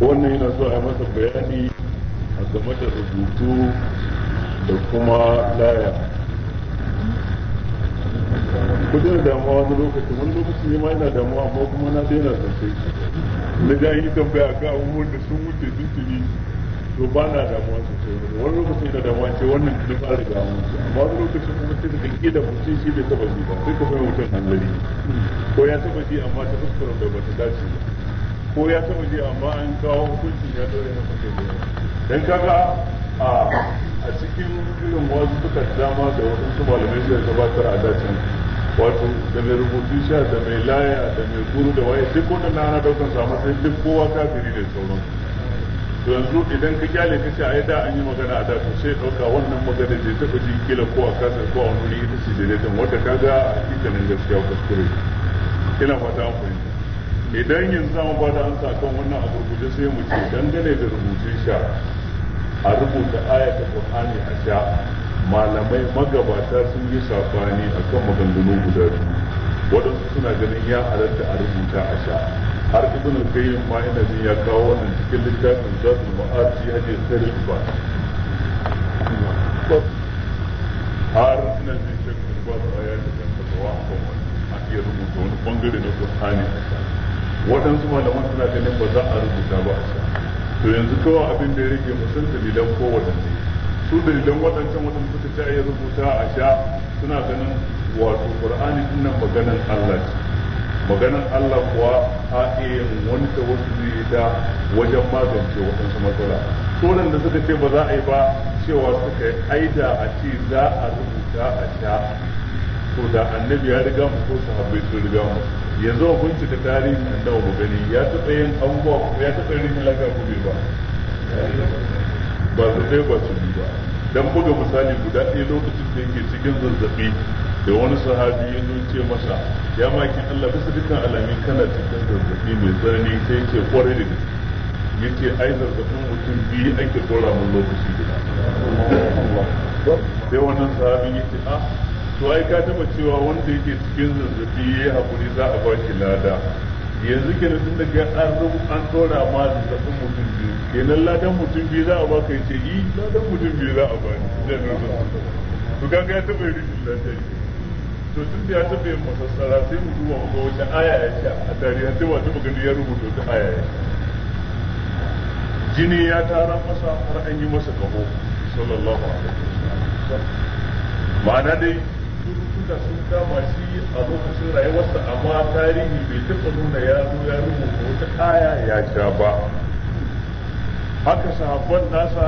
wannan yana so a masa bayani a game da rubutu da kuma laya kudin damuwa wani lokaci wani lokaci ne ma yana damuwa amma kuma na daina sosai na ga yi tambaya ga abubuwan da sun wuce sun tuni to ba na damuwa sosai wani lokaci yana damuwa ce wannan da ba da damuwa amma wani lokaci kuma sai da kanke da mutum shi bai taba shi ba sai ka fahimta mutum hanzari ko ya taba shi amma ta fuskar da ba ta dace ba ko ya taɓa ji amma an kawo hukuncin ya dore na kai da yawa don kaga a cikin irin wasu suka dama da wasu malamai da gabatar a dacin wato da mai rubutu sha da mai laya da mai guru da waye duk wanda na ana daukan sa sai duk kowa kafiri da sauran to yanzu idan ka kyale ka ce ai da an yi magana a da to sai dauka wannan magana je ta ji kila ko a kasa ko a wani ita ce daidaitan wata kaga a hakikanin gaskiya kuskure ina fata an fahimta idan yanzu za mu ba da ansa kan wannan a gurguje sai mu ce dangane da rubutun sha a rubuta ayata qur'ani a sha malamai magabata sun yi safani akan maganganu guda biyu waɗansu suna ganin ya halatta a rubuta a sha har ibn al-qayyim ma ina jin ya kawo wannan cikin littafin zatul ma'ad fi hadith sirr ba har suna jin shakku ba da ayatu kan a kan wani a iya rubuta wani bangare na qur'ani a sha waɗansu malaman suna ganin ba za a rubuta ba a to yanzu kowa abin da ya rage musan dalilan ko waɗanne su dalilan waɗancan waɗanda suka ce ya rubuta a sha suna ganin wato qur'ani din nan maganan Allah ce maganan Allah kuwa a iya wani da wasu zai da wajen magance waɗansu matsala Su da suka ce ba za a yi ba cewa suka yi aida a ce za a rubuta a sha to da annabi ya riga mu ko sahabbai sun riga mu yanzu a bincika tarihin da mu gani ya taɓa yin abubuwa ya taɓa yin halaka lafiya ba ba su ɗaya ba su ba dan buga misali guda ɗaya lokacin da yake cikin zazzaɓi da wani sahabi ya zo ce masa ya maki Allah bisa dukkan alami kana cikin zazzaɓi mai tsanani sai yake kwarai da gaske ce ai zazzaɓin mutum biyu ake tsora mun lokaci guda sai wannan sahabi ce a ah, to ai ka taba cewa wanda yake cikin zazzabi ya yi hakuri za a baki lada yanzu ke da tun ga an an tsora ma zazzabin mutum biyu kenan ladan mutum biyu za a baka ya ce yi ladan mutum biyu za a bani zan rasa to kaga ya taba da lafiya to tun da ya taba yin masassara sai mu duba mu ga wata aya ya ce a tarihi sai wata gani ya rubuta wata aya ya jini ya tara masa har an yi masa kaho sallallahu alaihi wasallam ma'ana dai da sun dama shi a lokacin rayuwarsa amma tarihi bai taɓa nuna ya ya rubuta wata kaya ya sha ba haka sahabban nasa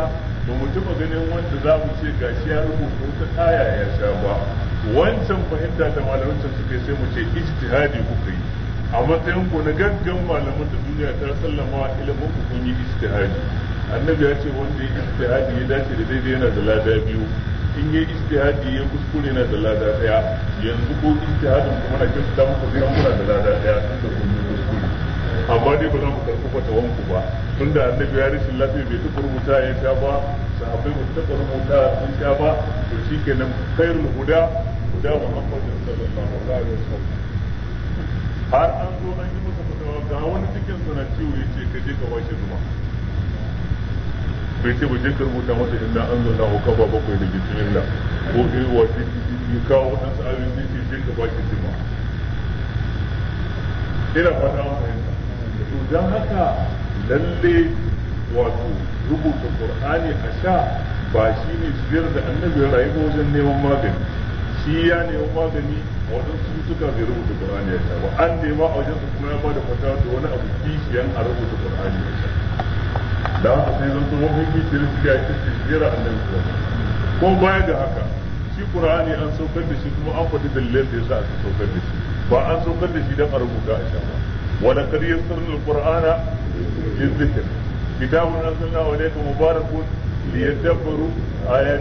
ba mu taɓa ganin wanda za mu ce gashi ya rubuta wata kaya ya sha ba wancan fahimta da malamancin suka sai mu ce ijtihadi kuka yi a matsayin ku na gaggan malaman da duniya ta sallama ilimin ku kun yi ijtihadi annabi ya ce wanda ya ijtihadi ya dace da daidai yana da lada biyu in yi istihadi ya kuskure na da lada daya yanzu ko istihadin kuma na kyau ta muku zai amura da lada daya tunda kun yi kuskure amma dai ba za mu kwata wanku ba da annabi ya rishin lafiya bai taɓa rubuta ya sha ba sahabbai ba su taɓa rubuta sun sha ba to shikenan khairul huda huda muhammadin sallallahu alaihi wasallam har an zo an yi masa fatawa ga wani cikin sana ciwo yace ka je ka washe zuma bai ce ba je ka rubuta masa inda an zo na hukaba bakwai da bismillah ko irin wasu ya kawo waɗansu ayoyin da ce je ka ba shi jima ina fata an fahimta to don haka lalle wato rubuta qur'ani a sha ba shi ne siyar da annabi rayuwa wajen neman magani shi ya nemi magani a wajen cututtuka bai rubuta qur'ani ya sha ba an nema a wajen su kuma ya da fata da wani abu kishiyan a rubuta qur'ani ya sha da haka sai zanto mafi da suka yi jira annabi sallallahu ko baya ga haka shi qur'ani an saukar da shi kuma an faɗi dalilan da yasa aka saukar da shi ba an saukar da shi dan a rubuta a sha ba wa laqad yassarna al-qur'ana lizikr kitabun anzalnahu ilayka mubarakun liyadabbaru wani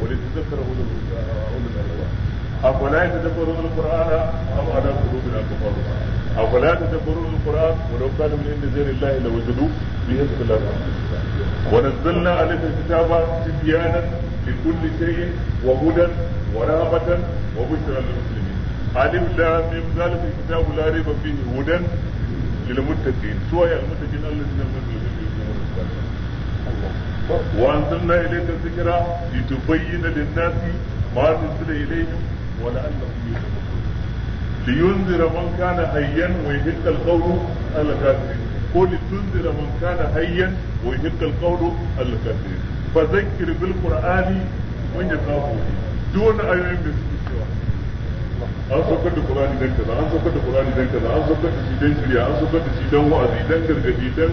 wa litadhakkaru ulul albab afala yatadabbaruna al-qur'ana am ala qulubin aqfaluha afala yatadabbaruna al-qur'an wa law kana min indi ghayri allahi lawajadu ليختلف ونزلنا عليك الكتاب تبيانا لكل شيء وهدى ورغبة وبشرى للمسلمين ألف لام من ذلك الكتاب لا ريب فيه هدى للمتقين سواء المتقين الذين هم وأنزلنا إليك الذكرى لتبين للناس ما نزل إليهم ولعلهم يتقون لينذر من كان حيا ويحق القول على الكافرين ko litunzira man kana hayyan wa yuhiqqal qawlu al kafir fa zakkir bil qur'ani man yakhafu duk wannan ayoyin da suke cewa an so da qur'ani dan kaza an so da qur'ani dan kaza an so da shi dan shirya an so da shi dan wa'azi dan gargadi dan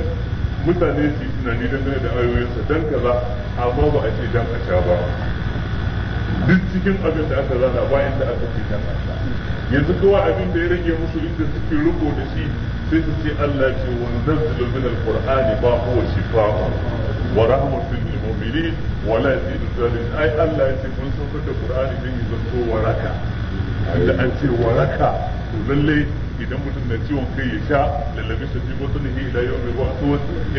mutane su tunani dangane da ayoyinsa dan kaza amma ba a ce dan a sha ba duk cikin abin da aka zana bayan da aka ce dan a sha yanzu kowa abin da ya rage musu inda suke rubo da shi sai su ce Allah ce wanzazzilu min alqur'ani ba huwa shifa wa rahmatun lil mu'minin wa la yazidu zalim ai Allah ya ce kun saukar da qur'ani din ya zanto waraka inda an ce waraka to lalle idan mutum na ciwon kai ya sha lallabi su ji wasu nihi ila yau mai wasu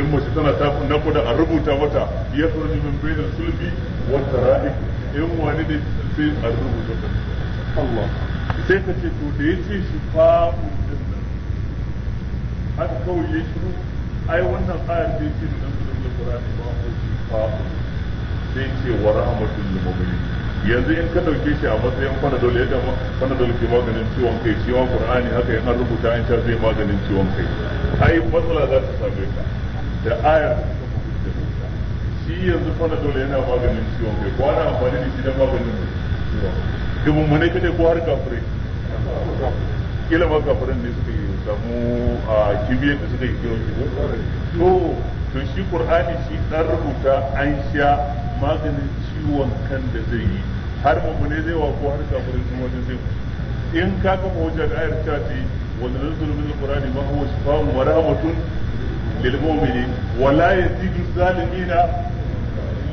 in mace tana ta na kuda a rubuta mata ya fara min bainal sulbi wata ra'i in wani ne sai a rubuta Allah sai ka ce to da ya ce shi fa'un din haka kawai ya shiru ai wannan ayar da ya ce da dan su da Qur'ani ba ko shi fa'un sai ce wa rahmatul lil mu'minin yanzu in ka dauke shi a matsayin panadol yadda dole ke maganin ciwon kai ciwon ma Qur'ani haka in an rubuta an sha zai maganin ciwon kai ai matsala za ta same ka da ayar shi yanzu dole yana maganin ciwon kai kwana amfani da shi dan maganin ciwon kai mu ne kake ko har kafure. kila ma kafiran ne suka yi samu a kibiyar da suka yi kiran shi to to shi qur'ani shi dan rubuta an sha maganin ciwon kan da zai yi har ne zai wa ko har kafirai kuma wajen zai in ka ga hujja da ayar ta ce wanda nazzulu min alqur'ani ma huwa shifaa'un wa rahmatun lil mu'minin wa la yazidu zalimina illa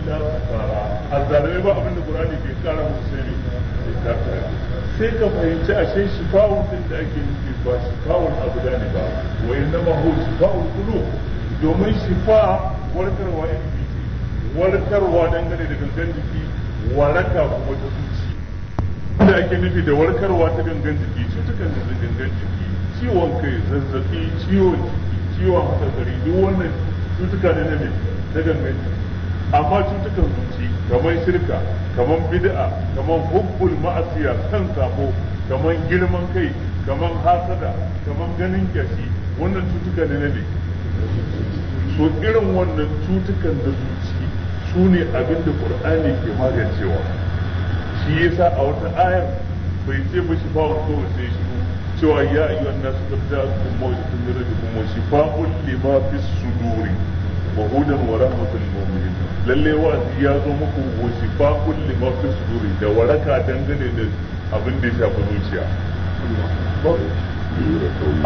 khasara azzalimai ba abin da qur'ani ke kara musu sai sai ka fahimci ashe shifa'un din da ake nufi ba shifa'un abu da ne ba wa na maho hu shifa'un kulu domin shifa warkarwa fi ce warkarwa dangane da gangan jiki waraka kuma ta zuci da ake nufi da warkarwa ta gangan jiki cutukan da gangan jiki ciwon kai zazzafi ciwon jiki ciwon hatsari duk wannan cutuka ne na gangan jiki amma cutukan zuci kamar shirka kamar bid'a kamar hubbul ma'asiya kan sabo kamar girman kai kamar hasada kamar ganin kyashi wannan cutuka ne ne so irin wannan cutukan da zuci su ne abin da qur'ani ke magancewa shi yasa a wata ayar bai ce ba shi ba ko sai shi cewa ya ayyuhan nasu tabda'ukum mawjatun min rabbikum wa shifaa'un lima fis suduri wa hudan wa rahmatul lil mu'minin lalle wa'azi ya zo muku wa shifa kulli ma fi suduri da waraka dangane da abin da ya shafi zuciya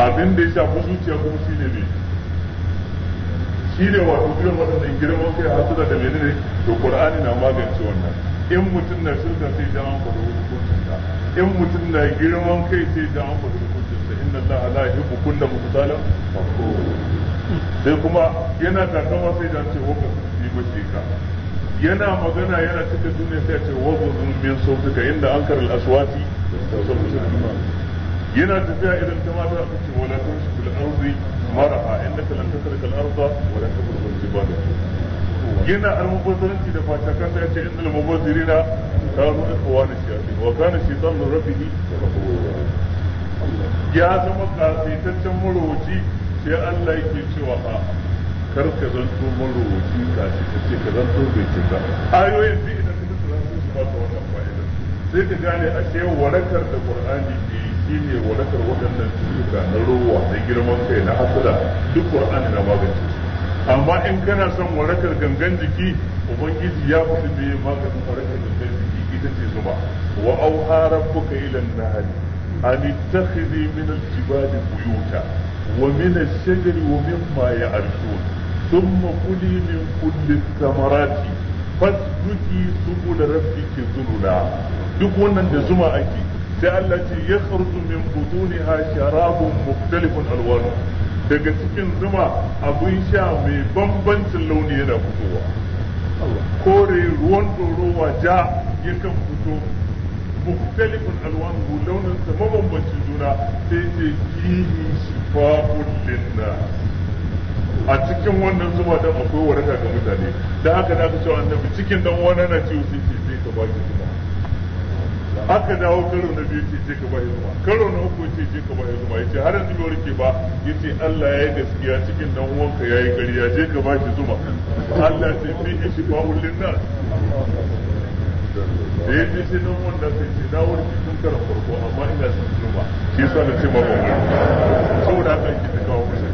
abin da ya shafi zuciya kuma shine ne shine wato irin masana girman kai hasura da menene to qur'ani na magance wannan in mutum na shirka sai da an faɗi hukuncin sa in mutum na girman kai sai da an faɗi Inda sa inna allaha la yuhibbu kulla mutasalim sai kuma yana takama sai da an ce hukuncin masjika yana magana yana cika duniya sai ce wa gudun min sautuka inda an karar aswati yana tafiya irin ta mata a ce wala ta shi bil ardi maraha inda kalan ta sarka al arda wala ta burbu jibala yana almubazzaranci da fata kan da yace inda almubazzirina kanu ikhwana shayatin wa kana shaytanu rabbihi ya zama kasaitaccen marwaci sai Allah yake cewa ha kar ka zanto marowaci ka ce ka ce ka zanto bai ce ba ayoyin duk idan ka mutu zanto su ba ka wannan fa'idar sai ka gane a ce warakar da qur'ani ke shi ne warakar waɗannan cututtuka na rowa na girman kai na hasala duk qur'ani na magance su. amma in kana son warakar gangan jiki ubangiji ya faɗi bai maganin warakar gangan jiki ita ce zuba wa auha rabbuka ila nahari an ittakhidhi min al-jibali buyuta ومن الشجر ومما يعرشون ثم كلي من كل الثمرات فاسلكي سبل ربك ذللا duk wannan da zuma ake sai Allah ce ya kharju min butuniha sharabun mukhtalifun alwanu daga cikin zuma abun sha mai bambancin launi yana fitowa kore ruwan dorowa ja yakan fito mukhtalifun alwanu launin sa mabambancin juna sai ce fihi shifa'un linnas a cikin wannan zuba dan akwai waraka ga mutane da aka da aka cewa annabi cikin dan wani na ciwo sai ce sai ka ba shi zuba aka dawo karo na biyu ce ce ka ba zuba karo na uku ce ce ka ba zuba yace har yanzu bai warke ba yace Allah ya yi gaskiya cikin dan uwanka yayi ƙarya je ka ba shi zuba Allah ya ce fi ishfa'ul linnas da ya je shi nan wanda sai ce na warke tun karan farko amma ina son zuba shi sa na ce ma ban warke saboda haka ake ta kawo masa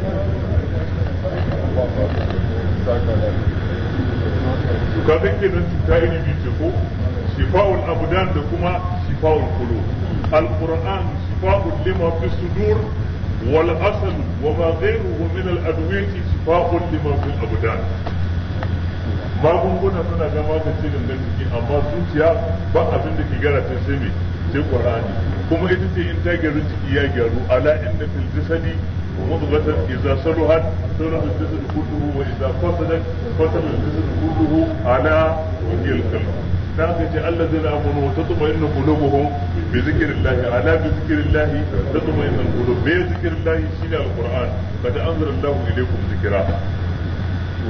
su ka san kenan cuta iri biyu ce ko shifa'ul abudan da kuma shifa'ul qulub alquran shifa'ul lima fi sudur wal asal wa ma wa min al adwiyati shifa'ul lima fi abudan. magunguna suna ga magance gangan jiki amma zuciya ba abin da ke gara ta sai me sai qur'ani kuma ita ce in ta gyaru jiki ya gyaru ala inna fil jasadi ومضغة إذا صلحت صلح الجسد كله وإذا فسدت فسد الجسد كله على وهي القلب ذاك الذين آمنوا تطمئن قلوبهم بذكر الله على بذكر الله تطمئن القلوب بذكر الله شيل القرآن قد أنزل الله إليكم ذكرا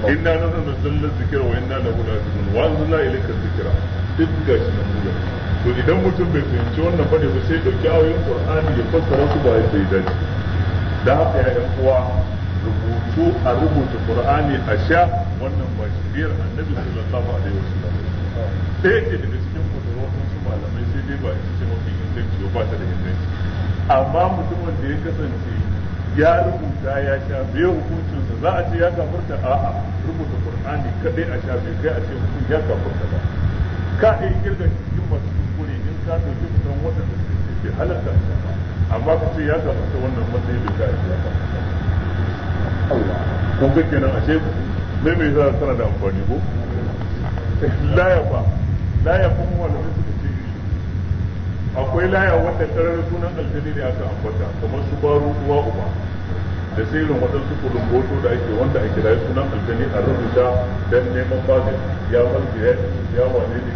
إنا نحن نزلنا الذكر وإنا له لازمون وأنزلنا إليك الذكرى duk ga shi nan gudan to idan mutum bai fahimci wannan ba da sai dauki ayoyin Qur'ani ya fassara su ba yadda ya dace da haka ya yan uwa rubutu a rubuta qur'ani a sha wannan ba shi biyar annabi sallallahu alaihi wasallam sai ke da cikin kudurorin su malamai sai dai ba ita ce mafi inganci ba ta da inganci amma mutumin da ya kasance ya rubuta ya sha bai hukuncinsa za a ce ya a a'a rubuta qur'ani kadai a sha bai kai a ce mutum ya kafarta ba ka yi kirga cikin masu kuskure in ka dauki mutum waɗanda suke halarta a sha amma ka ce ya ta wannan matsayi bai ka ajiya ba kun ga kenan ashe mai mai zara tana da amfani ko laya ba laya kuma malamai suka ce akwai laya wanda karar sunan aljani ne aka ambata kamar su baro uwa uba da sai irin waɗansu boto da ake wanda a kira sunan aljani a rubuta don neman bazin ya falke ya wane ne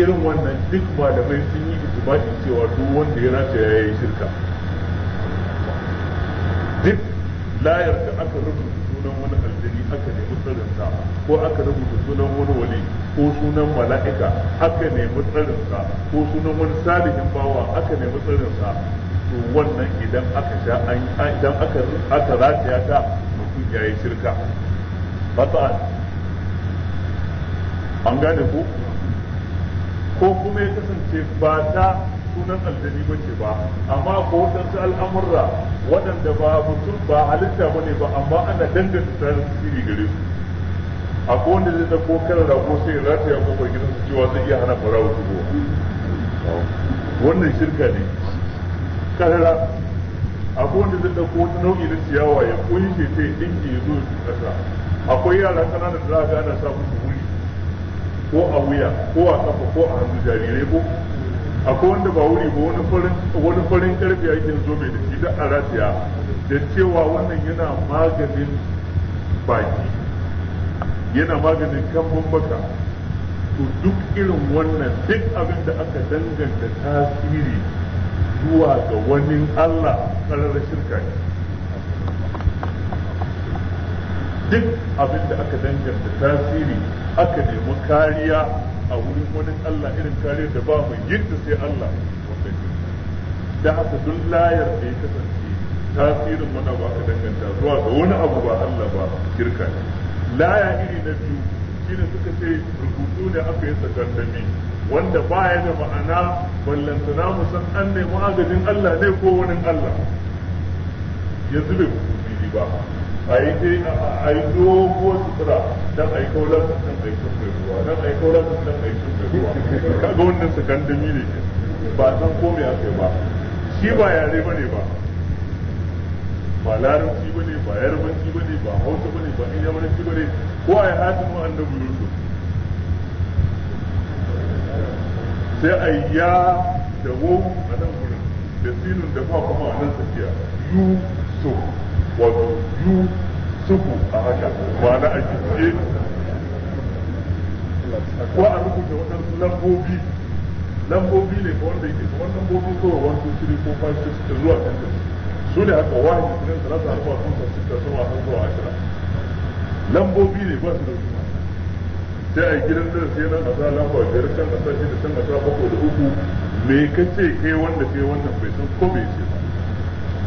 irin wannan duk malamai sun yi ijma'i cewa duk wanda ya rata ya yi shirka duk layar da aka rubuta sunan wani aljani aka nemi tsarinsa ko aka rubuta sunan wani wali ko sunan mala'ika aka nemi tsarinsa ko sunan wani salihin bawa aka nemi tsarinsa to wannan idan aka sha idan aka aka rataya ta mutum ya yi shirka ba ta an gane ku ko kuma ya kasance ba ta sunan aljani ba ce ba amma ko su al'amurra waɗanda ba mutum ba halitta ba ne ba amma ana danganta ta da tasiri gare su a wanda zai dauko karar rago sai ya rataya gina su cewa zai iya hana farawa ba wannan shirka ne karara akwai wanda zai ko wata nau'i na ciyawa ya kunshe ta ya zo ya zo ƙasa akwai yara ƙananan da za a gana sa musu ko a wuya ko a kafa ko a hannu jarirai ko akwai wanda ba wuri ba wani farin wani farin karfi zo mai da shi da aratiya da cewa wannan yana maganin baki yana maganin kan baka to duk irin wannan duk abin da aka danganta tasiri zuwa ga wani Allah karar shirka ne duk abin da aka danganta tasiri aka nemi kariya a wurin wani Allah irin kariyar da ba mu yadda sai Allah wanda ke da haka duk layar da ya kasance tasirin wani abu aka danganta zuwa ga wani abu ba Allah ba shirka ne laya iri na biyu shine suka ce rubutu da aka yi sakandami wanda ba ya da ma'ana ballantana mu san an nemi agajin Allah ne ko wani Allah ya zube ku ba a yi ce a sutura don a yi kaular don a yi mai ruwa don a yi kaular don a yi mai ruwa kaga wannan sakandami ne ba san ko me aka ba shi ba yare ba ne ba ba larabci ba ne ba yarbanci ba ne ba hausa ba ne ba inyamuranci ba ne ko a yi hatimu annabi yusuf sai a yi ya da wau a nan gurin da sinin da ba kuma a nan tafiya. Yu yusuf wato biyu suku a haka ba na a gicciye ko a rubuta waɗansu lambobi lambobi ne ko wanda yake kuma lambobi ko wa su shiri ko five six da zuwa ten su ne haka wani ne da za su harfa sun sa sita sama har zuwa ashira lambobi ne ba su da suna sai a gidan da sai nan a sa lamba biyar can a sa da can a bako da uku me kace kai wanda kai wannan bai san ko me ce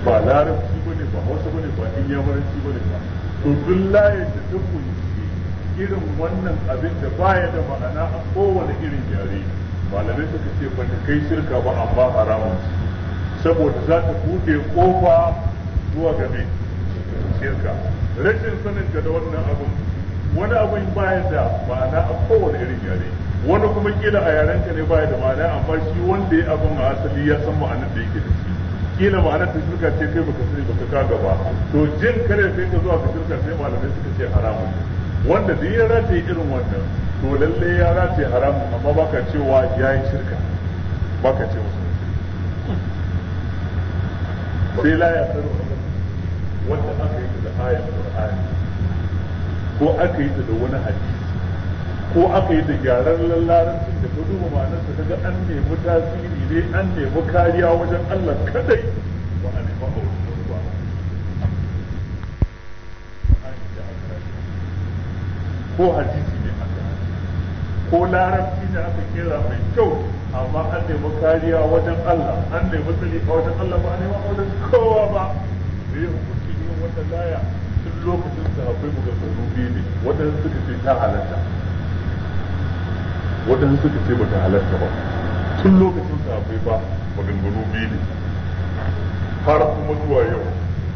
ba larabci ba hausa bane ba in yabaranci bane ba to duk layin da ta kunshi irin wannan abin da baya da ma'ana a kowane irin yare malamai suka ce ba ta kai shirka ba amma haramun saboda za ta buɗe kofa zuwa game shirka rashin sanin ka da wannan abin wani abin baya da ma'ana a kowane irin yare wani kuma kila a yarenka ne baya da ma'ana amma shi wanda ya abin a asali ya san ma'anar da yake da shi kila ma'anar ta shirka ce kai baka sani baka ka gaba to jin kare sai ka zuwa ka shirka sai malamai suka ce haramun wanda da ya rataye irin wannan to lalle ya rataye haramun amma baka cewa ya yi shirka baka ce musu sai la ya tsaro wanda aka yi da ayar qur'ani ko aka yi da wani hadisi ko aka yi da gyaran lallaran da ka duba ma'anarsa kaga an nemi tasiri sai an nemi kariya wajen Allah kadai ba a nemi aure ba ko hadisi ne aka ko larabci ne aka kera mai kyau amma an nemi kariya wajen Allah an nemi tsari a wajen Allah ba a nemi aure kowa ba da yi hukunci irin wata laya tun lokacin da akwai maganganu biyu ne wadanda suka ce ta halatta wadanda suka ce ba ta halatta ba tun lokacin safe ba maganganu biyu ne har kuma zuwa yau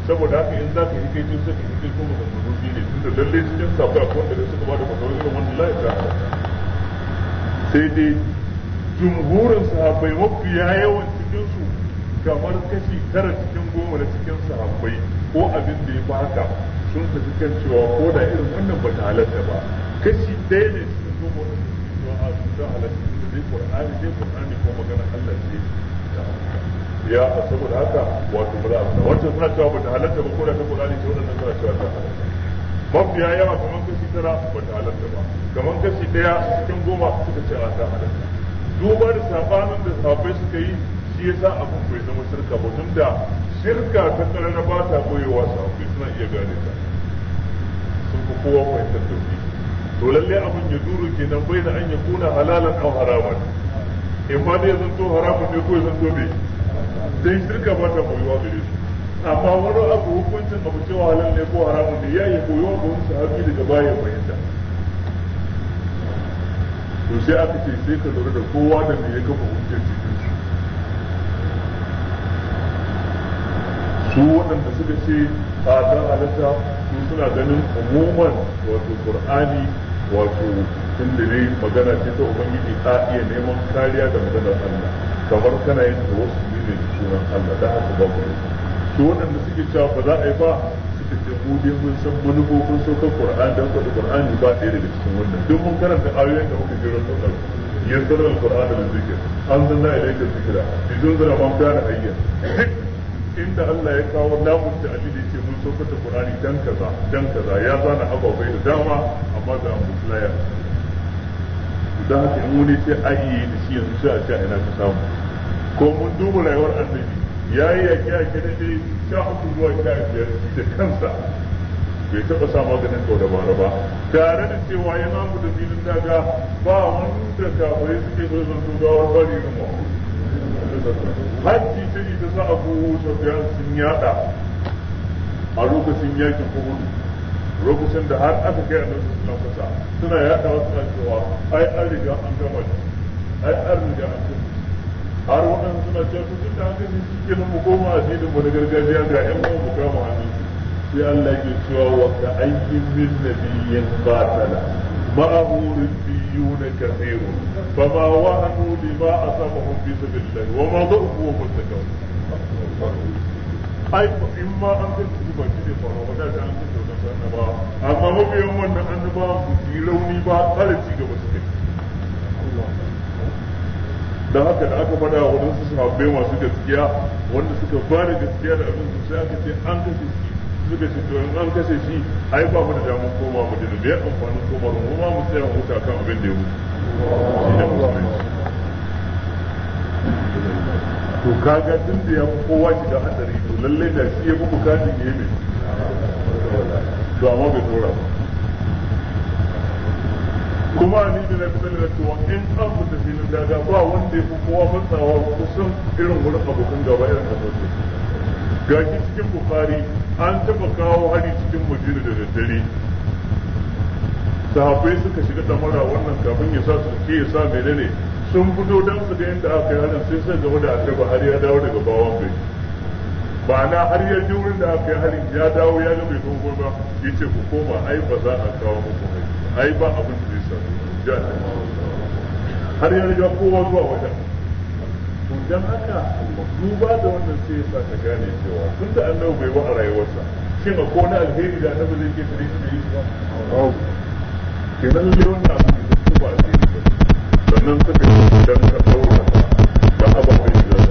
saboda haka in za ka yi kai tun saka kai kuma maganganu biyu ne tun da lallai cikin sahabbai akwai wanda suka ba da fasawar irin wannan la ilaha sai dai jumhurin sahabbai ya yawan cikin su kamar kashi tara cikin goma na cikin sahabbai ko abin da ya fi haka sun tafi kan cewa ko da irin wannan ba ta halatta ba kashi ɗaya ne qur'ani ne qur'ani ko magana Allah ce ya saboda haka wato ba za a wancan suna cewa ba ta halatta ba ko da ta qur'ani ce wannan suna cewa ta halatta mafiya yawa kamar kashi tara ba ta halatta ba kamar kashi daya cikin goma suka ce a ta halatta duba da sabanin da safai suka yi shi yasa abin bai zama shirka ba tun da shirka ta na ba ta koyewa safai suna iya gane ta sun fi kowa fahimtar tauhidi to lalle abin ya duru kenan bai da an ya kuna halalan aw haraman in ma dai zanto haramun ne ko ya zanto bai dai shirka ba ta koyuwa gare su amma wani abu hukuncin abu cewa halal ne ko haramun ne ya yi koyuwa ga wani sahabi daga baya fahimta to sai aka ce sai ka lura da kowa da me ya kafa hukuncin cikin su waɗanda suka ce a dan halatta su suna ganin umuman wato qur'ani wato tun ne magana ce ta ubangiji ta iya neman kariya da maganar Allah kamar kana yin da wasu ne da sunan Allah da haka ba ku su waɗanda suke cewa ba za a yi ba suke ce mu dai mun san manufofin saukar Qur'ani dan kwaɗa Qur'ani ba ɗaya daga cikin wannan duk mun karanta ayoyin da muka jira saukar yansar al qur'an da zikir an zanna ilaika zikira idan zara man kana hayya duk inda Allah ya kawo namun da abin da saukata Kur'ani dan kaza dan kaza ya zana ababai da dama amma ga musulaya idan haka in wani sai a yi da shi yanzu sai a ce ina ka samu ko mun duba rayuwar annabi ya yi yaƙi a kira dai sha uku zuwa sha biyar da kansa bai taɓa sa maganin kau dabara ba tare da cewa ya mamu da filin daga ba wani da bai suke so zan tugawar bari na mahu hajji ta ita sa abu sofiyan sun yada a lokacin yakin uhud lokacin da har aka kai annabi suna kusa suna yaɗa wasu na cewa ai an riga an gama ai an riga an gama har waɗansu suna cewa su duk da an gani shi ke mu koma a cikin mu gargajiya ga ƴan mu mu kama hannun sai Allah ke cewa wa ka min nabiyyin qatala ma'ahu ربيون كثير فما وهنوا لما أصابهم في سبيل الله وما ضعفوا وما استكبروا أي إما أن ba shi ne faruwa ba da an fito da annabawa amma mabiyan wannan annabawa ba su yi rauni ba tsara ci gaba su kai da haka da aka fada wa wadansu sahabbai masu gaskiya wanda suka ba da gaskiya da abin su sai aka ce an kashe shi suka ce to in an kashe shi ai ba mu da damar koma mu da bai amfani koma mu ma mu tsaya huta kan abin da ya wuce to kaga din da ya fi kowa shiga hatsari to lallai da shi ya fi bukatun ya yi to amma bai tura ba kuma ni da na fi da cewa in an fita filin daga ba wanda ya fi kowa matsawa kusan irin wurin abokan gaba irin Ga shi cikin bukari an taba kawo hari cikin madina da daddare sahabbai suka shiga tamara wannan kafin ya sa su ke ya sa menene ne sun fito don su gani da aka yi harin sai sai gaba da ba har ya dawo daga bawan bai ba na har ya ji wurin da aka yi harin ya dawo ya ga bai dogo ba ya ce ku koma ai ba za a kawo muku ai ba abin da zai samu ja har ya riga kowa zuwa wajen don dan haka duba da wannan sai ya sa ka gane cewa tun da annabi bai wa a rayuwarsa shin a na alheri da annabi zai ke kare shi da yi ba kenan lalle wannan abu da ba alheri sannan suka yi don ka ɗaura da ababen da su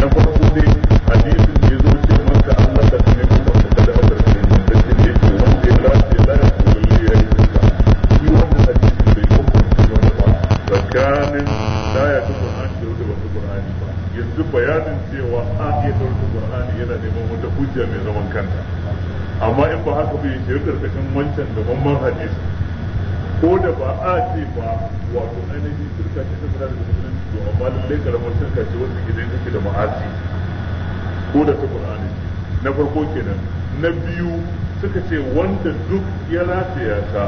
na farko dai hadisin da ya zo ce maka Allah ta ne kuma ka kada a ƙarfi da ce ne ke wanda ya lafi lafi ko lalle ya yi suka shi wanda hadisin bai hukunta wani ba tsakanin laya ta Qur'ani da wanda ba ta ba yanzu bayanin cewa a iya ɗaura Qur'ani yana neman wata hujja mai zaman kanta amma in ba haka bai shi karkashin wancan da mamman hadisi ko da ba a ce ba wato ainihin shirka ce ta fara da musulunci to amma lallai karamar shirka ce wanda gidan yake da ma'asi ko da ta qur'ani na farko kenan na biyu suka ce wanda duk ya rataya ta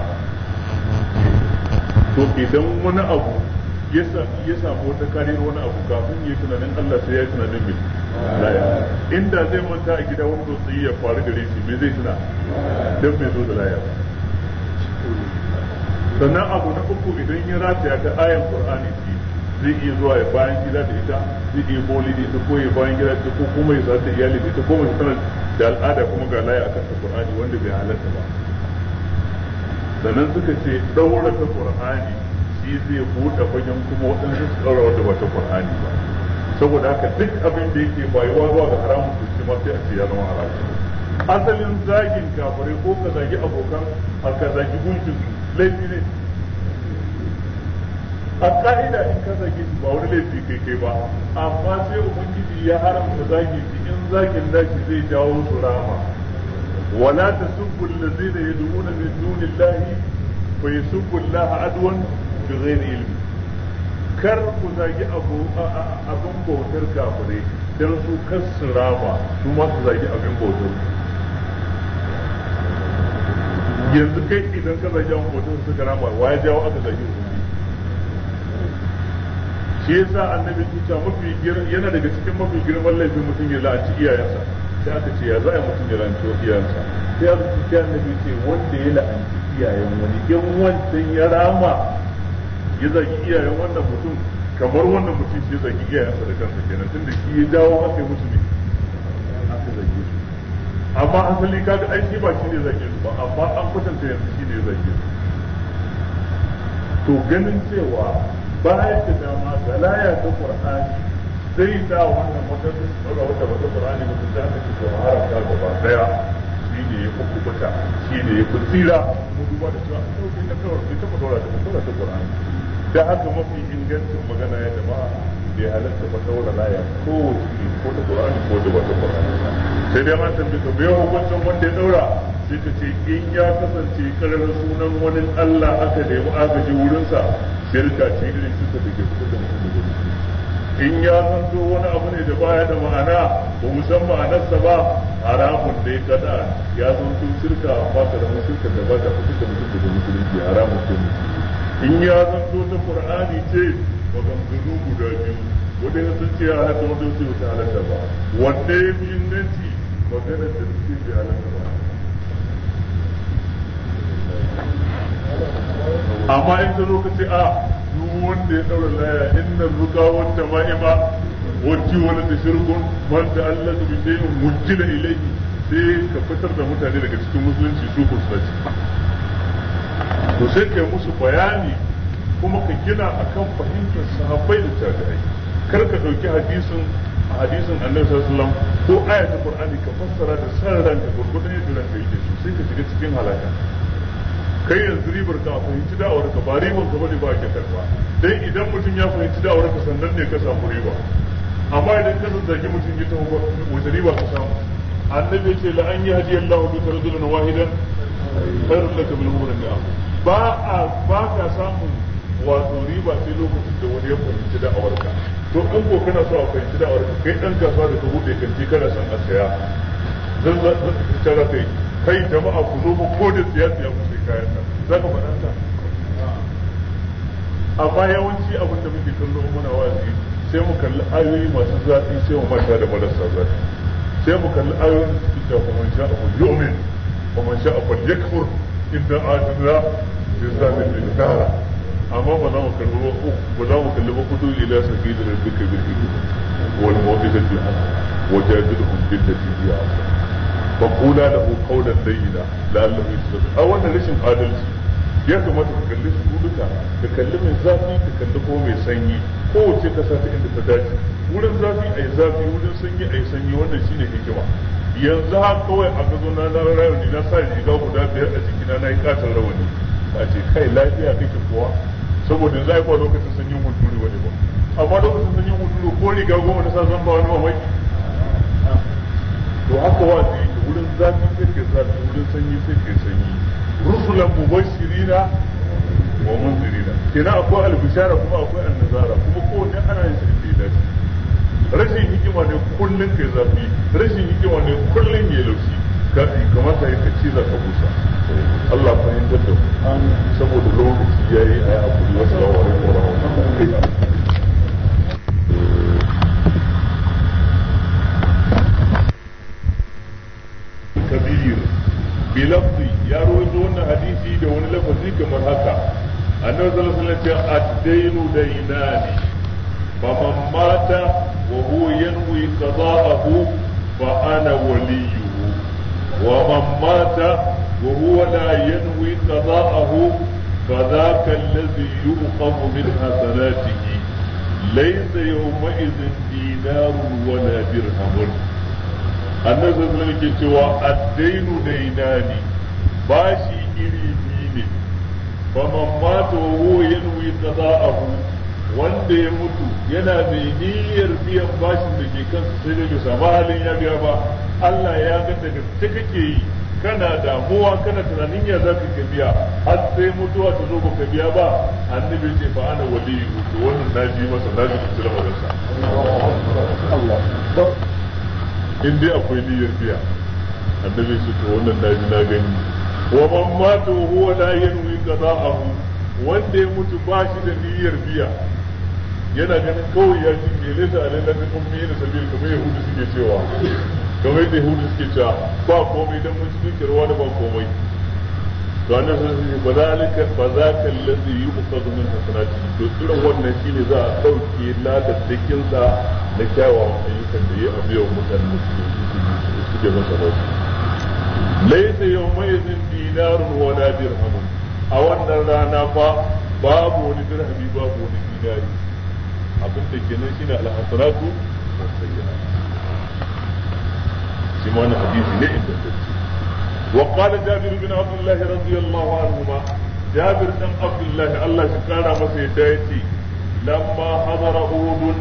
to idan wani abu ya samu wata kariyar wani abu kafin ya tunanin Allah sai ya tunanin mai laya inda zai manta a gida wani tsotsi ya faru gare shi me zai tuna don bai zo da laya ba sannan abu na uku idan ya rataya ta ayan qur'ani zai iya zuwa ya bayan gida da ita zai iya boli da ita ko ya bayan gida da ko kuma ya ta iyali da ita ko mai sanar da al'ada kuma ga laya akan ta qur'ani wanda bai halarta ba sannan suka ce daura ta qur'ani shi zai buɗe fagen kuma waɗansu su ɗaura wanda ba ta qur'ani ba saboda haka duk abin da yake bayuwa zuwa ga haramun su shi ma sai a ce ya zama haramun asalin zagin kafirai ko ka zagi abokan ka zagi gunkin su laifi ne a ƙa'ida in ka zagi ba wani laifi kai kai ba amma sai ubangiji ya haramta zaki shi in zagin nashi zai jawo su rama wala tasubbu allazina yad'una min dunillahi fa aduwan allaha adwan da ilmi kar ku zagi abin bautar kafirai dan su kasura ba su ma zagi abin bautar yanzu kai idan ka zagi an mutum suka gara mai ya jawo aka zagi shi yasa annabi tuta mafi yana daga cikin mafi girman laifin mutum ya la'anci iyayensa sai aka ce ya zai mutum ya wa iyayensa sai aka ce annabi ce wanda ya la'anci iyayen wani in wancan ya rama ya zagi iyayen wannan mutum kamar wannan mutum shi ya zagi iyayensa da kansa kenan tunda shi ya jawo aka yi mutum ne amma asali ka ai aiki ba shi ne zage su ba amma an kwatanta yanzu shi ne zage su to ganin cewa bayan da dama galaya ta qur'ani zai sa wannan wata daga wata wata qur'ani mutum da aka ce ta gaba daya shi ne ya kuku bata shi ne ya fi tsira mu duba da cewa ɗauke na kawai ta taɓa dora da ta qur'ani da haka mafi ingancin magana ya jama'a bai halatta ba da laya ko ne ko ta Qur'ani ko da wata Qur'ani sai dai ma san ka bai hukuncin wanda ya daura sai ka ce in ya kasance karar sunan wani Allah aka nemi agaji wurinsa shirka ce ne suka da ke fitar da mutum da in ya zanto wani abu ne da baya da ma'ana ba mu san ma'anarsa ba haramun ne kada ya zanto shirka ba ka da musulka da ba ta fitar da mutum da musulunci haramun ce in ya zanto ta Qur'ani ce maganganu guda biyu wanda ya sun ce ya halatta wanda ya ce halatta ba wanda ya fi inganci maganar da suke bai halatta ba amma in ta lokaci a duk wanda ya daura laya inna ruka wata ma'ima wacce wani da shirkun man da Allah su bishe in mujjila ilai sai ka fitar da mutane daga cikin musulunci su kusurci to sai kai musu bayani kuma ka gina akan fahimtar sahabbai da tabi'ai kar ka ɗauki hadisin a hadisin annabi sallallahu alaihi ko aya qur'ani ka fassara da sarran da gurgurdan yadda ranka yake so sai ka shiga cikin halaka kai yanzu ribar ka fahimci da'awar ka ba ribar ka bane ba ka karba dan idan mutum ya fahimci da'awar ka sannan ne ka samu riba amma idan ka zaki mutum ya tafi wata riba ka samu annabi ce la an yahdi Allahu bi rajulan wahidan khairun laka min umurin da ba a ba ka samu. wato riba sai lokacin da wani ya fahimci da'awarka to an ko kana so a fahimci da'awarka kai dan kasuwa da ka bude kanti kana son a saya zan za ka tara kai kai jama'a ku zo ku ko da siya ya sai kayan nan za ka faɗa ta amma yawanci abin da muke kallo muna wazi sai mu kalli ayoyi masu zafi sai mu manta da marasa zafi sai mu kalli ayoyin da suke shafa kuma sha abu yomin kuma sha abu yakfur inda adina bi zalim bi amma ba za mu kalli ba ba za mu kalli ba kudu ila sabili rabbika bil hikma wal mau'izati hasana bil lati hi ahsan fa qula lahu qawlan layyina la'allahu yaslum a wannan rashin adalci ya kamata ka kalli su duka ka kalli mai zafi ka kalli ko mai sanyi kowace ka sa ta inda ta dace wurin zafi ai zafi wurin sanyi ai sanyi wannan shine hikima yanzu ha kawai a gazo na na ni na sa riga guda biyar a jikina na yi katon rawani a ce kai lafiya kake kuwa saboda yanzu aiko lokacin sun yi hunturu wani ba amma lokacin sun yi hunturu ko riga goma na sazan ba wani mamaki to haka wa zai yi wurin zafi sai ke zafi wurin sanyi sai ke sanyi rusulan mubashirina wa munzirina kenan akwai albishara kuma akwai annazara kuma kowanne ana yin shirki da shi rashin hikima ne kullum kai zafi rashin hikima ne kullum ya laushi kamata ya ka ciza ka busa Allah fahimtar da saboda lokaci ya yi a abu da wasu lawa rai kora kabir bilafzi ya rawaito wannan hadisi da wani lafazi kamar haka annabi sallallahu alaihi wasallam ya ad-dainu dainani man mata wa huwa yanwi qada'ahu fa ana waliyuhu wa man mata وهو لا ينوي قضاءه فذاك الذي يؤخذ من حسناته ليس يومئذ دينار ولا درهم annabi sallallahu alaihi wasallam cewa ad-dainu dainani bashi iri ne Ba man mata wa huwa yanwi qada'ahu wanda ya mutu yana da niyyar biyan bashin da ke kansa sai da bai ba halin ya biya ba Allah ya ga daga gaske kake yi kana damuwa kana tunanin ya za ka biya har sai mutuwa ta zo baka biya ba annabi ce fa ana wali. to wannan na bi masa na ji kusa lamarin sa in dai akwai niyyar biya annabi ce to wannan na ji na gani wa man mata huwa la yanwi qada'ahu wanda ya mutu ba shi da niyyar biya yana ganin kawai ya ji ke lesa a lalata kun biyu da kuma kamar yahudu suke cewa kamar yadda yahudu suke cewa ba komai don mun ci dukiyar wani ba komai to annabi ba za wasallam bazalika yi allazi yuqadu min hasanati to irin wannan shine za a dauke ladaddakin sa da kyawawan ayyukan da ya abiya mutanen da suke masa yau mai zin dinarun wala dirhamun a wannan rana ba babu wani dirhami babu wani dinari abin da kenan shine al wasu was sayyi'atu shi ma wannan hadisi ne ingantacce wa qala jabir bin abdullah Allah shi kara masa yadda yace lamma hadara uhud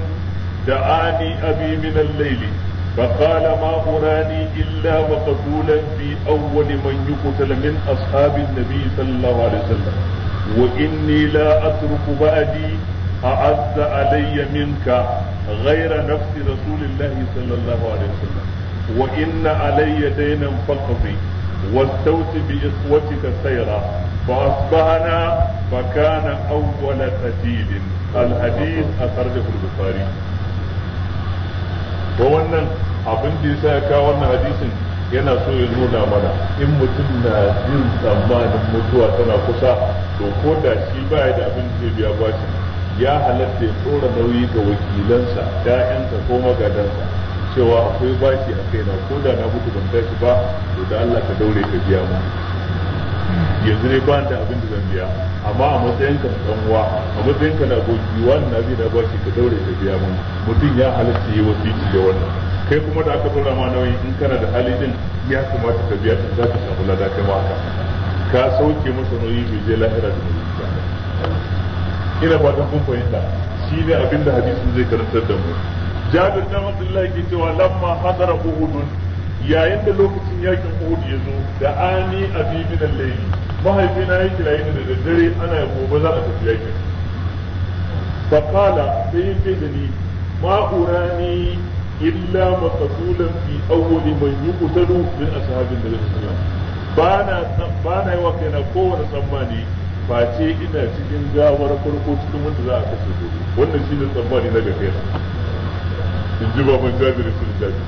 da'ani abi min al-layl فقال ما أراني إلا مقتولا في أول من يقتل من أصحاب النبي صلى الله عليه وسلم وإني لا أترك بعدي أعز علي منك غير نفس رسول الله صلى الله عليه وسلم wa inna alayya daynan faqdi واستوت بإخوتك خيرا فأصبحنا فكان أول قتيل الحديث أخرجه البخاري wannan abin da ya ya kawo wannan hadisin yana so ya nuna mana in mutum na jin tsammanin mutuwa tana kusa to ko da shi ba da abin da zai biya bashi ya halatta ya tsora nauyi ga wakilansa 'ya'yansa ko magadansa cewa akwai bashi a kaina ko da na mutu ban tashi ba to da Allah ka daure ka biya mu yanzu ne ba da abin da zan biya amma a matsayin ka dan uwa a matsayin ka na gogi wannan na bi na bashi ka daure ka biya mu mutum ya halarci yi wasiki da wannan kai kuma da aka dora ma nauyin in kana da hali din ya kamata ka biya ta za ka samu lada kai ma ka sauke masa nauyi bai je lahira da nauyi ina fatan kun fahimta shi ne abin da hadisin zai karantar da mu jabir bin abdullahi ke cewa lamma hadara uhud yayin da lokacin yakin uhud ya zo da ani abi bin al-layl mahaifina ya kira ni da daddare ana gobe za a tafi yakin fa qala sai yake da ni ma urani illa maqtulan fi awwal man yuqtalu min ashabin nabi sallallahu bana bana yi wa kaina kowane tsammani face ina cikin gawar farko cikin wanda za a kashe wanda wannan shine tsammani na gaskiya in ji mun jabir sun jabir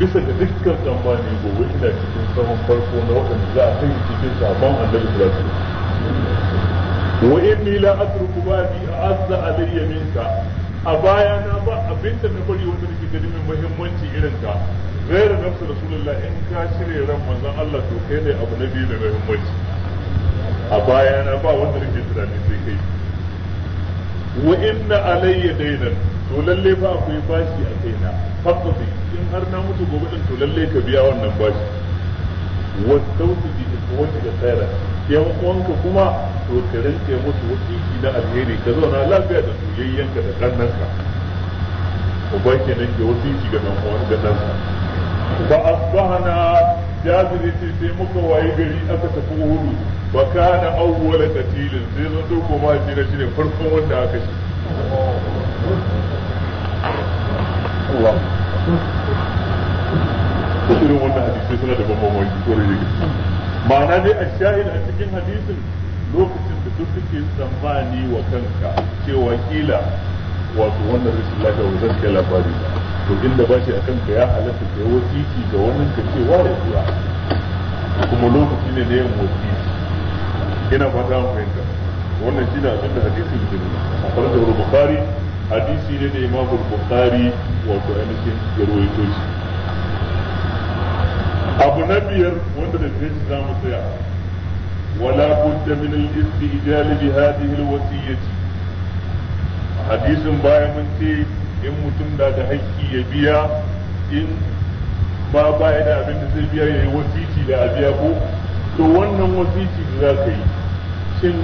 bisa ga dukkan ko wani ina cikin saman farko na waɗanda za a kai cikin sabon annabi sallallahu wa inni la atruku babi azza alayya minka a baya na ba abinda na bari wanda nake gani mai muhimmanci irin ka غير نفس رسول الله إن كاشر يرم من الله تو كيني أبو نبي لمهمتي أبايا أنا با وندرك الثاني في كي وإن علي دينا to lalle ba akwai bashi a kaina fafafi in har na mutu gobe din to lalle ka biya wannan bashi wasauti bi ikwati da khairan yan uwanka kuma to ka rinke musu wasiki na alheri ka zauna lafiya da soyayyanka da kannanka ko ba ke yi ga nan uwan ga ba a asbahana jaziri ce sai muka waye gari aka tafi hudu ka na awwala katilin sai zo to kuma shi ne farkon wanda aka shi da irin wannan hadisi suna da bambam wani kwarai da ma'ana dai a shahid a cikin hadisin lokacin da duk kake tsammani wa kanka cewa kila wato wannan rashin lafiya ba zan kai labari ba to inda ba shi a kanka ya halatta ka yi wasiki ga wannan ka cewa ya kula kuma lokaci ne na yin wasiki ina fata an fahimta wannan shi ne abin da hadisin ke nuna a farko bukari hadisi ne da Imam Bukhari wato ainihin ya rawaito shi abu na biyar wanda da kai za mu tsaya ولا بد من الاستئجال بهذه الوصية حديث باي من تي in mutum da da haƙƙi ya biya in ba baya da abinda zai biya ya yi wasici da a to wannan wasicin da za ka yi shin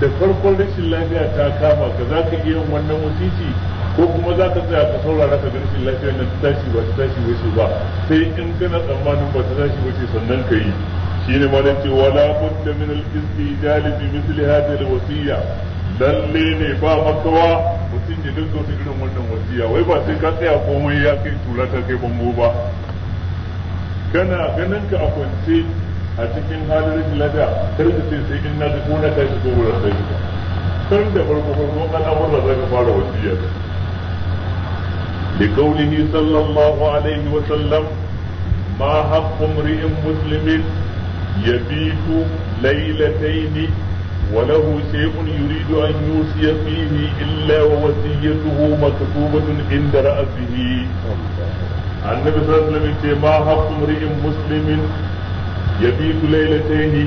da farkon rashin lafiya ta kama ka za ka iya wannan wasisi ko kuma za ka tsaya ka saurara ka ga rashin lafiya na ta tashi ba ta tashi wace ba sai in kana tsammanin ba ta tashi wace sannan ka yi shine ma ce wala budda min al-istijal bi mithli hadhihi wasiya lalle ne ba makawa mutum ya gaggauta irin wannan wasiya wai ba sai ka tsaya komai ya kai tura ta kai bango ba kana ganin ka a kwance a cikin halin rikin lafiya kar ka ce sai inna da kuna ka shi gobe rasa yi kan da farko farko an amurra za ka fara wasiya da kaulihi sallallahu alaihi wa sallam ma haqqum ri'in muslimin yabitu laylatayn wa lahu shay'un yuridu an yusiya fihi illa wa wasiyatuhu maktubatun inda ra'sihi annabi sallallahu alaihi wa sallam ce ma haqqum ri'in ya bi su lailataini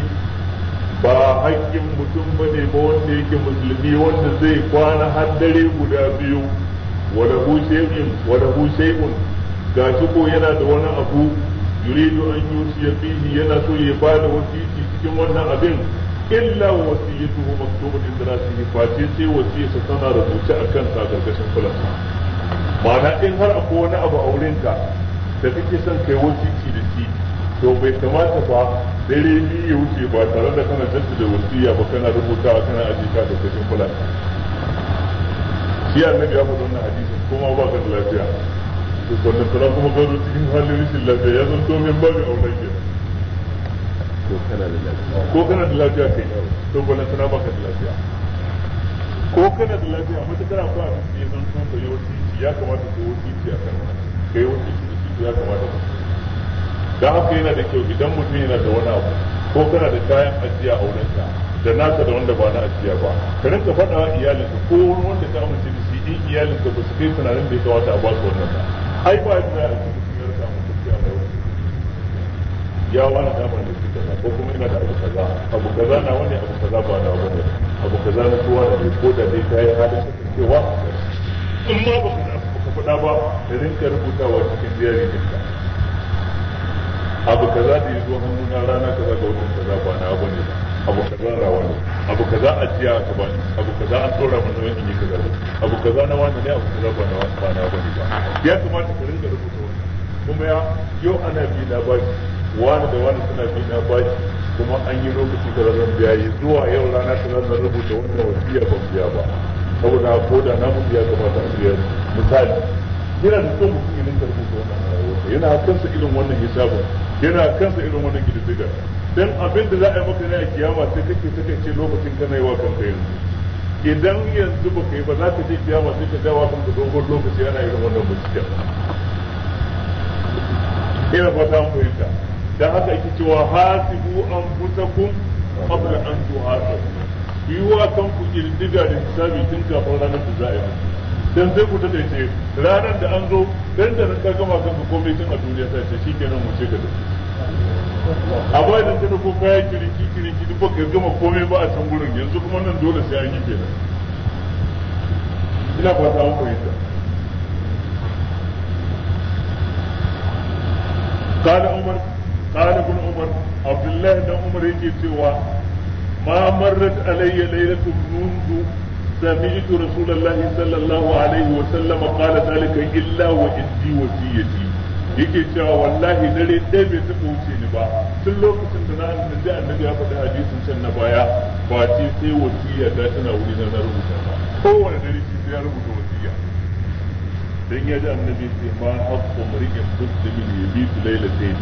ba hakkin mutum ba ne ba wanda yake musulmi wanda zai kwana har dare guda biyu wada hushe'in wada hushe'in ga ko yana da wani abu yuridu an yi ya fihi yana so ya ba da wasiki cikin wannan abin illa wasiyatuhu maktubun su yi face sai wasiyarsa tana rubuce a kansa gargashin kulansa mana in har akwai wani abu a wurinka da kake son kai wasu ci da shi to bai kamata ba dare biyu ya wuce ba tare da kana da wasiya ba kana rubuta kana ajiyar da kashin fulani shi annabi ya faɗi wannan hadisi kuma ba ka da lafiya to wannan tara kuma gado cikin halin rashin lafiya ya zanto min ga auren ke ko kana da lafiya ko kana da lafiya kai to wannan tara ba ka da lafiya ko kana da lafiya matakar akwai a cikin ya zanto ka yi ya kamata ka yi wasiki a kan ko wasiki ya kamata ka da haka yana da kyau idan mutum yana da wani abu ko kana da kayan ajiya a wurinka da naka da wanda ba na ajiya ba ka rinka faɗawa iyalinka ko wani wanda ka amince da shi in iyalinka ba su kai tunanin da ya kawata a ba su wannan ba ai ba ya a cikin cikin yarda mutum ya mai wani ya wani damar da suka ba ko kuma ina da abu kaza abu kaza na wani abu kaza ba na wani abu kaza na kowa da bai ko da dai ta yi halin kasancewa in ma ba ka faɗa ba ka rinka rubutawa cikin jiyari ɗinka abu za da ya zo hannuna rana kaza ga watan kaza ba na ba ne abu za rawa ne abu a ajiya ka ba abu za an tsora mun nauyin in yi kaza abu za na wani ne abu za ba na ba na ba ne ba ya kamata ka rinka rubuta wannan kuma ya yau ana bi na bashi wani da wani suna bi na bashi kuma an yi lokaci ka zan biya yi zuwa yau rana ta zan rubuta wannan wasiya ban biya ba saboda ko da na biya ka ba ta biya misali yana da so mutum ya rinka rubuta yana kansa irin wannan hisabin yana kansa irin wannan kididdiga dan abin da za a yi maka na kiyama sai kake take ce lokacin kana yi wa kanka yanzu idan yanzu baka yi ba za ka je kiyama sai ka wa kanka dogon lokaci ana irin wannan binciken ina fata an fahimta dan haka ake cewa hasibu anfusakum qabla an tuhasabu yi wa kanku kididdiga da hisabi tun kafin ranar da za a yi dan sai ku ta ce ranar da an zo dan da ka gama kanka komai tun a duniya ta ce shikenan mu ce ka da a bai da tana ko kaya kiriki kiriki duk baka gama komai ba a can gurin yanzu kuma nan dole sai an yi kenan ina ba ta fahimta قال عمر قال ابن عمر عبد الله بن عمر يجي سوى ما مرت علي ليلة منذ سمعت رسول الله صلى الله عليه وسلم قال ذلك إلا وإدي وسيتي yake cewa wallahi dare ɗaya bai taɓa wuce ni ba tun lokacin da na ji annabi ya faɗi hadisin can na baya ba ce sai wasiya ta tana wuri na na rubuta ba kowane dare shi sai ya rubuta wasiya dan ya ji annabi ce ma haqqu mri'in muslimin yabitu laylatayn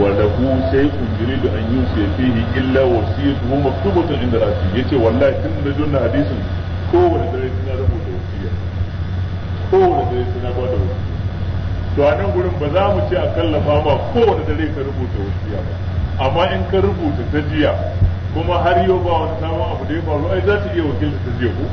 wa lahu shay'un yuridu an yusiya fihi illa wasiyatuhu maktubatun inda rasi yace wallahi tun da jonna hadisin kowane dare suna rubuta wasiya kowane dare suna ba da wasiya to a nan gurin ba za mu ce a kallafa ba kowane dare ka rubuta wasiya ba amma in ka rubuta ta jiya kuma har yau ba wani sabon abu da ya faru ai za ta iya wakilta ta jiya ko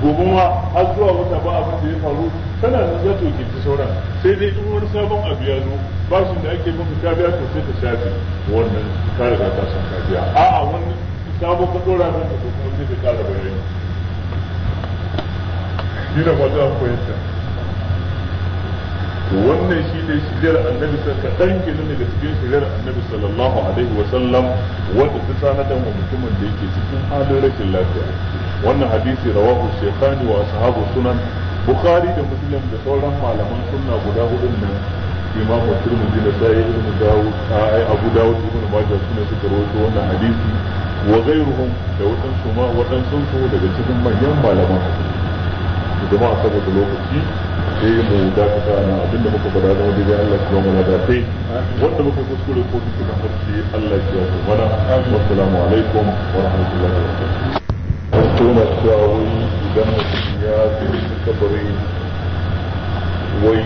gobe ma har zuwa wata ba abin da ya faru tana nan za ta wakilta sauran sai dai in wani sabon abu ya zo bashin da ake maka ka biya to sai ta shafe wannan ka riga ka san ka biya a'a wani sabon ka dora nan da kuma sai ka kara bayani shi da fata an to wannan shi ne shigar annabi kaɗan kenan daga cikin shigar annabi sallallahu alaihi wa sallam wanda ta tanadar wa mutumin da yake cikin halin rashin lafiya wannan hadisi rawahu shaykhani wa ashabu sunan bukhari da muslim da sauran malaman sunna guda hudun nan imam turmudi da sai ibn dawud ai abu dawud ibn majah suna suka rawaito wannan hadisi wa ghayruhum da wadansu ma wadansu daga cikin manyan malaman hadisi jama'a saboda lokaci sai mu dakata na abinda muka faɗa zama daidai Allah ya kuma mana dace wanda muka kuskure ko su kuma harshe Allah ya kuma mana assalamu alaikum wa rahmatullahi wa barakatuh wato na cewa wai idan mutum ya zai kabari wai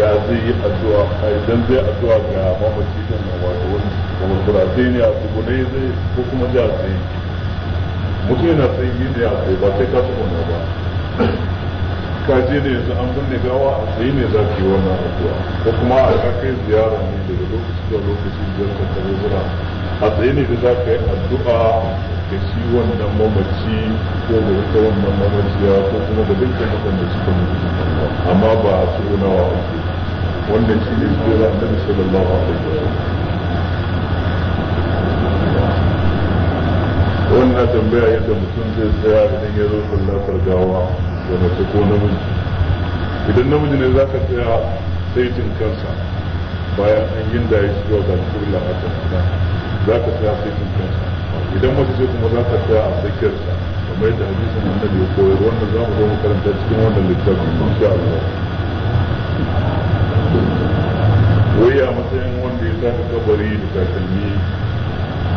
ya zai yi addu'a idan zai addu'a ga mamaci kan na wato wani kamar buratai ne a tsugune zai ko kuma zai mutum yana tsaye ne ya tsaye ba sai ka tsugune ba ka je ne yanzu an binne gawa a sayi ne za ka yi wannan abuwa ko kuma a ka kai ziyara ne daga lokaci zuwa lokaci ziyartar ta zura a sayi ne da za ka yi addu'a ga shi wannan mamaci ko ga ita wannan mamaciya ko kuma da dukkan da suka mutu amma ba a tsunawa ake wannan shi ne su da annabi sallallahu alaihi wasallam wannan tambaya yadda mutum zai tsaya idan ya zo sallar gawa da mace ko namiji idan namiji ne za ka tsaya saitin kansa bayan an yin da ya shi zuwa ga cikin a suna za ka tsaya saitin kansa idan mace ce kuma za ka tsaya a tsakiyarsa kamar yadda hadisin annabi ya koyar wannan za mu zo mu karanta cikin wannan littafin insha Allah wai a matsayin wanda ya saka kabari da takalmi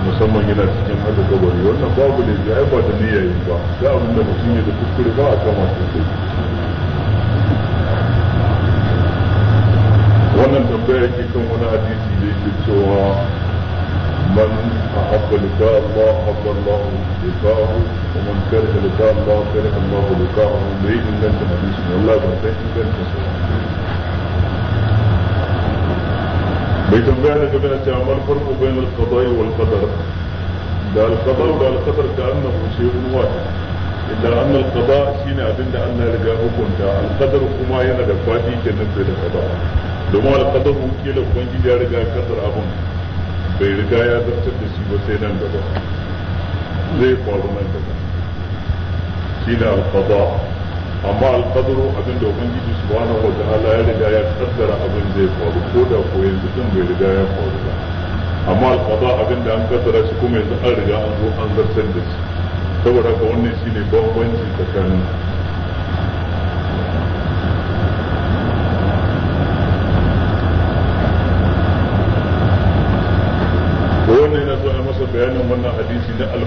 musamman yana cikin haka kabari wannan babu da ya ai ba da niyya yi ba da abin da mutum ya da kuskure ba a kama su sosai wannan tambaya yake kan wani hadisi da yake cewa man a Allah من أحب لقاء الله أحب الله لقاءه ومن كره لقاء الله كره الله لقاءه بعيد من الحديث والله inganta تحكي بيتنبهنا جميعا يا ما الفرق بين القضاء والقدر؟ ده القضاء وده القدر كانه شيء واحد. إلا أن القضاء سينا أبن ده أن لقاه هكون القدر كما ينا ده فاتي كنت في القضاء. لما القدر ممكن لو كنت جي رجاء قدر أهم. بي رجاء يا درسل بسيبه سينان ده. ليه فارمان ده؟ شيني القضاء. amma alƙadaru abin da ubangiji subhanahu wa ta'ala ya riga ya kaddara abin zai faru ko da ko yanzu din bai riga ya faru ba amma alƙada abin da an kaddara shi kuma yanzu an riga an zo an zartar da shi saboda haka wannan shine bambanci tsakanin wannan yana zo masa bayanin wannan hadisi na al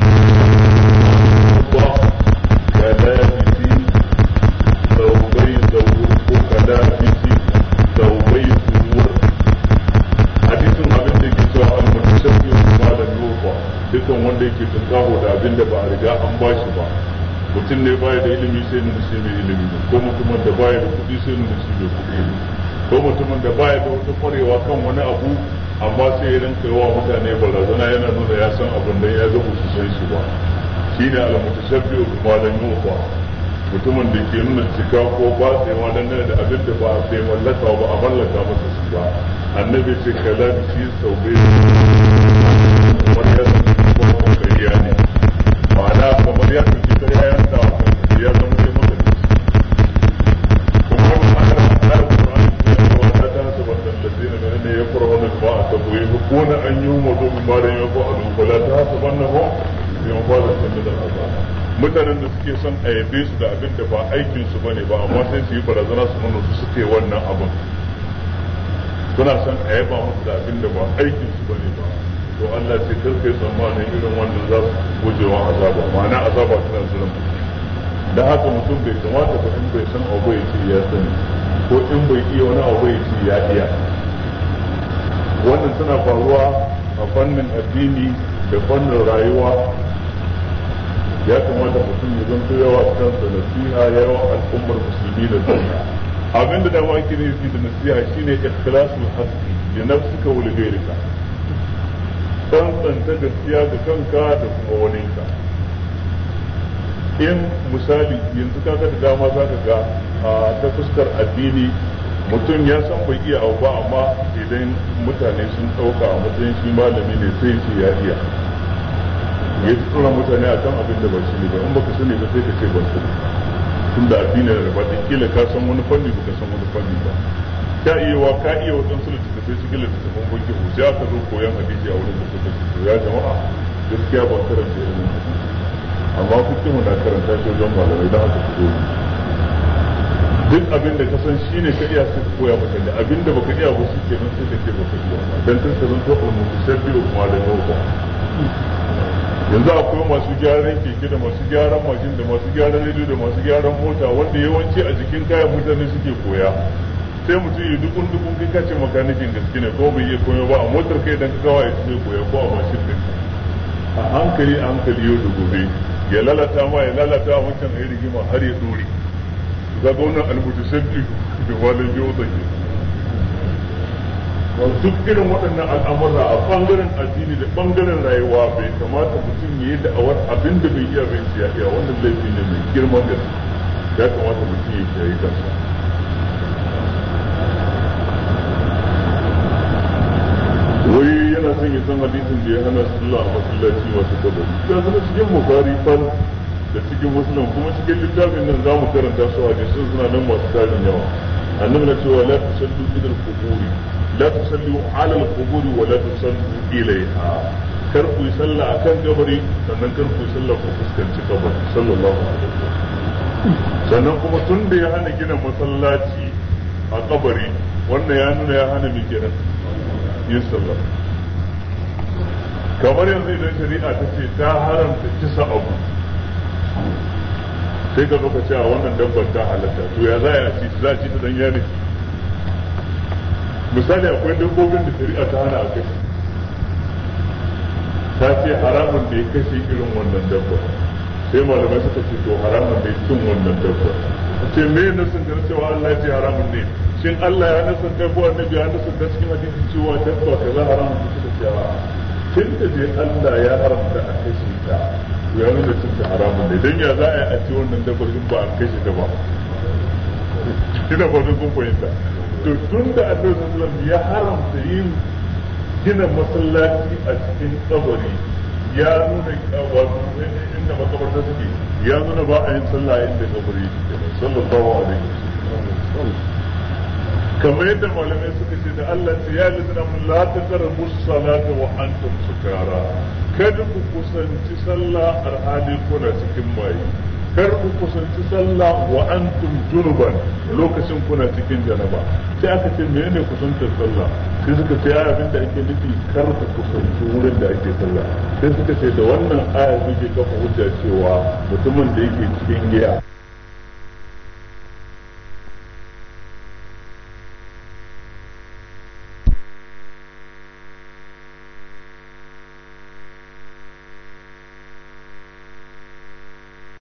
mutum ne baya da ilimi sai na shi mai ilimi ne ko mutum da baya da kuɗi sai na shi mai kuɗi ne ko mutum da baya da wata ƙwarewa kan wani abu amma sai ya rinka yawa mutane barazana yana nuna ya san abin da ya ga su sai su ba shi ne ba shine al-mutashabbihu bima lam yuqa mutumin da ke nuna cika ko ba sai tsayawa dangane da abin da ba sai mallaka ba a mallaka masa su ba annabi ce kaza shi sau bai mutanen da suke son a yabe su da abin da ba aikin su bane ba amma sai su yi barazana su nuna su suke wannan abin suna son a yaba musu da abin da ba aikin su bane ba to Allah sai kar kai tsammanin irin wanda za su wa azaba ma'ana azaba tana zuran da haka mutum bai kamata ba in bai san abu ya ce ya sani ko in bai iya wani abu ya ce ya iya wannan tana faruwa a fannin addini da fannin rayuwa ya kamata mutum ya zanto yawa kansa nasiha yawa al'ummar musulmi da duniya abin da dama ake nufi da nasiha shine ikhlasul haqqi li nafsika wa Ban ghayrika tsantsanta gaskiya da kanka da kuma wani ka in misali yanzu ka da dama za ka ga ta fuskar addini mutum ya san bai iya abu ba amma idan mutane sun ɗauka a matsayin shi malami ne sai ce ya iya yanzu tsoron mutane a kan abin da ba shi ne ba in baka sani ba sai ka ce ba su tun da addinin rarraba da kila ka san wani fanni ka san wani fanni ba ka iya wa ka iya waɗansu littattafai da tafan banki ko sai aka zo koyan hadisi a wurin da suka ce ya jama'a gaskiya ba karanta irin amma fikihu na karanta shi wajen malamai don aka fito ne duk abin da ka san shi ne ka iya su koya maka da abin da baka iya ba shi ke nan sai ka ke baka iya ba dan tun sabon to mu sai biyo kuma da nauka yanzu akwai masu gyaran keke da masu gyaran mashin da masu gyaran rediyo da masu gyaran mota wanda yawanci a jikin kayan mutane suke koya sai mutum ya dukun dukun kai kace makanikin gaske ne ko bai iya koyo ba a motar kai dan kawa ya ce koya ko a mashin din a hankali a hankali yau da gobe ya lalata ma ya lalata wancan ayi rigima har ya dore ga wannan almutashabbi da walin yau zake duk irin waɗannan al'amura a ɓangaren addini da ɓangaren rayuwa bai kamata mutum ya yi da'awar abin da bai iya bai ya iya wannan laifi ne mai girman da ya kamata mutum ya kiyaye kansa wai yana son ya san hadisin da ya hana sallah a masallaci masu kabari ya zama cikin bukari fal da cikin wasu nan kuma cikin littafin nan za mu karanta su a jisun suna nan masu tarin yawa annabi na cewa la tusallu ila al-quburi la tusallu ala al-quburi wa la tusallu ilayha kar ku yi sallah akan kabari sannan kar ku yi sallah ku fuskanci kabari sallallahu alaihi wasallam sannan kuma tun da ya hana gina masallaci a kabari wannan ya nuna ya hana mai kenan yin sallah kamar yanzu idan shari'a ta ce ta haramta kisa abu sai ka zo ka ce a wannan dabbar ta halatta to ya za a ci za a ci ta dan yare misali akwai dabbobin da shari'a ta hana a kai. ta ce haramun da ya kashe irin wannan dabbar sai malamai suka ce to haramun da ya cin wannan dabbar ce me sun da cewa Allah ya ce haramun ne shin Allah ya nasan da ko annabi ya nasin da cikin hadisi cewa dabba kaza haramun da suka ce a tun da Allah ya haramta a kashe ta ya da cin ta haramun ne don ya za a yi a ci wannan dabbar ba a kashe ta ba ina fatan kun fahimta to tun da annabi sallallahu ya haramta yin gina masallaci a cikin kabari ya nuna wato inda makabarta suke ya nuna ba a yin sallah inda kabari yake sallallahu alaihi wasallam kamar yadda malamai suka ce da Allah ta ya lissamu la ta karabu salata wa antum sukara kada ku kusanci sallah alhali kuna cikin maye kar ku kusanci sallah wa antum junuban lokacin kuna cikin janaba sai aka ce menene kusantar sallah sai suka ce ya abin da ake nufi kar ku kusanci wurin da ake sallah sai suka ce da wannan aya muke kafa hujja cewa mutumin da yake cikin giya